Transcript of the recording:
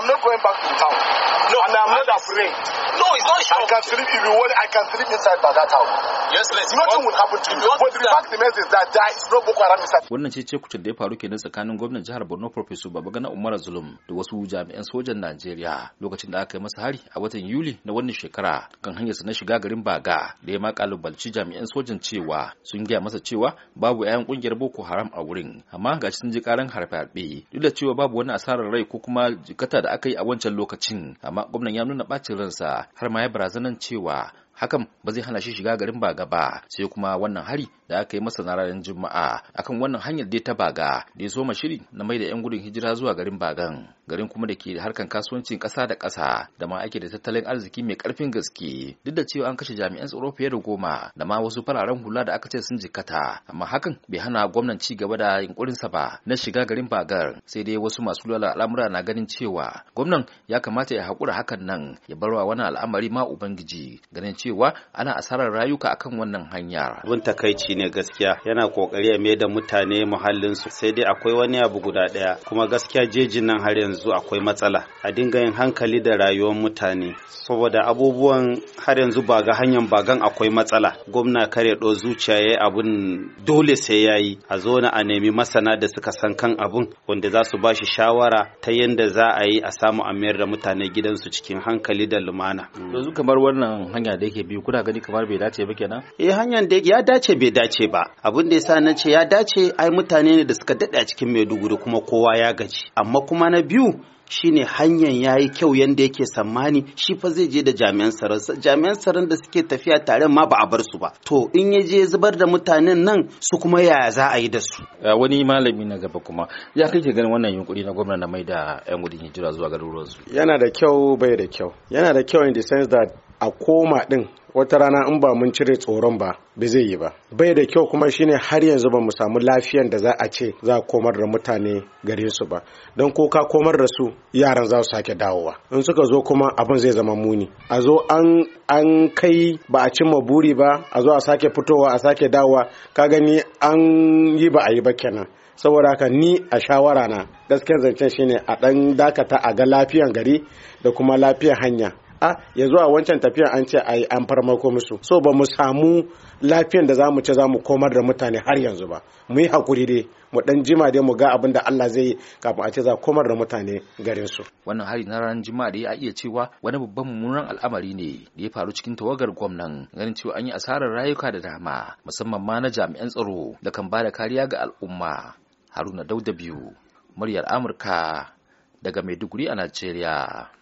I'm not going back to town. No, and I'm not afraid. No, it's not sure. I can sleep if you want. I can sleep inside by that house. Yes, let's. Nothing will happen to you. But the fact message is that there is no Boko Haram inside. Wannan ce kucin da ya faru kenan tsakanin gwamnan jihar Borno Professor Babagana Umar Zulum da wasu jami'an sojan Najeriya lokacin da aka yi masa hari a watan Yuli na wannan shekara kan hanyarsa na shiga garin Baga da ya ma kalubalci jami'an sojan cewa sun gaya masa cewa babu 'ya'yan kungiyar Boko Haram a wurin amma ga sun ji karan harfe-harfe duk da cewa babu wani asarar rai ko kuma jikata da aka yi a wancan lokacin gwamnan ya nuna ɓacin ransa har ma ya barazanan cewa hakan ba zai hana shi shiga garin baga ba sai kuma wannan hari da aka yi masa ranar juma'a akan wannan hanyar dai ta baga da ya soma shiri na mai da yan gudun hijira zuwa garin bagan garin kuma da ke da harkan kasuwancin kasa da kasa da ma ake da tattalin arziki mai karfin gaske duk da cewa an kashe jami'an tsaro fiye da goma da ma wasu fararen hula da aka ce sun jikkata amma hakan bai hana gwamnan ci gaba da sa ba na shiga garin bagar sai dai wasu masu da al'amura na ganin cewa gwamnan ya kamata ya haƙura hakan nan ya barwa wani al'amari ma ubangiji ganin cewa cewa ana asarar rayuka akan wannan hanya. Abin takaici ne gaskiya yana kokari ya mai da mutane muhallin su sai dai akwai wani abu guda daya kuma gaskiya jejin nan har yanzu akwai matsala a dinga yin hankali da rayuwar mutane saboda abubuwan har yanzu ba ga hanyar bagan akwai matsala gwamna kare ɗo zuciya ya abun dole sai ya yi a zo a nemi masana da suka san kan abun wanda za su ba shi shawara ta yadda za a yi a samu a mayar da mutane gidansu cikin hankali da lumana. Yanzu kamar wannan hanya da yake ake bi kuna gani kamar bai dace ba kenan eh hanyar da ya dace bai dace ba abin da yasa na ce ya dace ai mutane ne da suka dade a cikin Maiduguri kuma kowa ya gaji amma kuma na biyu shine hanyar ya yi kyau yadda yake sammani shi fa zai je da jami'an tsaron jami'an tsaron da suke tafiya tare ma ba a bar su ba to in ya je zubar da mutanen nan su kuma yaya za a yi da su eh, wani malami na gaba kuma ya kake ganin wannan yunkuri na gwamnati na mai da yan gudun hijira zuwa garuruwansu yana da kyau bai da kyau yana da kyau in the sense that a koma din wata rana in ba mun cire tsoron ba ba zai yi ba bai da kyau kuma shine har yanzu ba mu samu lafiyan da za a ce za a komar da mutane gare su ba don ko ka komar da su yaran za su sake dawowa in suka zo kuma abin zai zama muni a zo an kai ba a cimma buri ba a zo a sake fitowa a sake dawowa ka gani an yi ba a yi ba kenan saboda haka ni a shawara na gaskiyar zancen shine a dan dakata a ga lafiyan gari da kuma lafiyan hanya a yanzu a wancan tafiya an ce a yi an farmako musu so ba mu samu lafiyan da zamu ce zamu komar da mutane har yanzu ba mu yi hakuri dai mu dan jima dai mu ga abin da Allah zai yi kafin a ce za komar da mutane garin su wannan hari na ranar juma'a da ya iya cewa wani babban mummunan al'amari ne da ya faru cikin tawagar gwamnan ganin cewa an yi asarar rayuka da dama musamman ma na jami'an tsaro da kan bada kariya ga al'umma haruna dauda biyu muryar amurka daga maiduguri a najeriya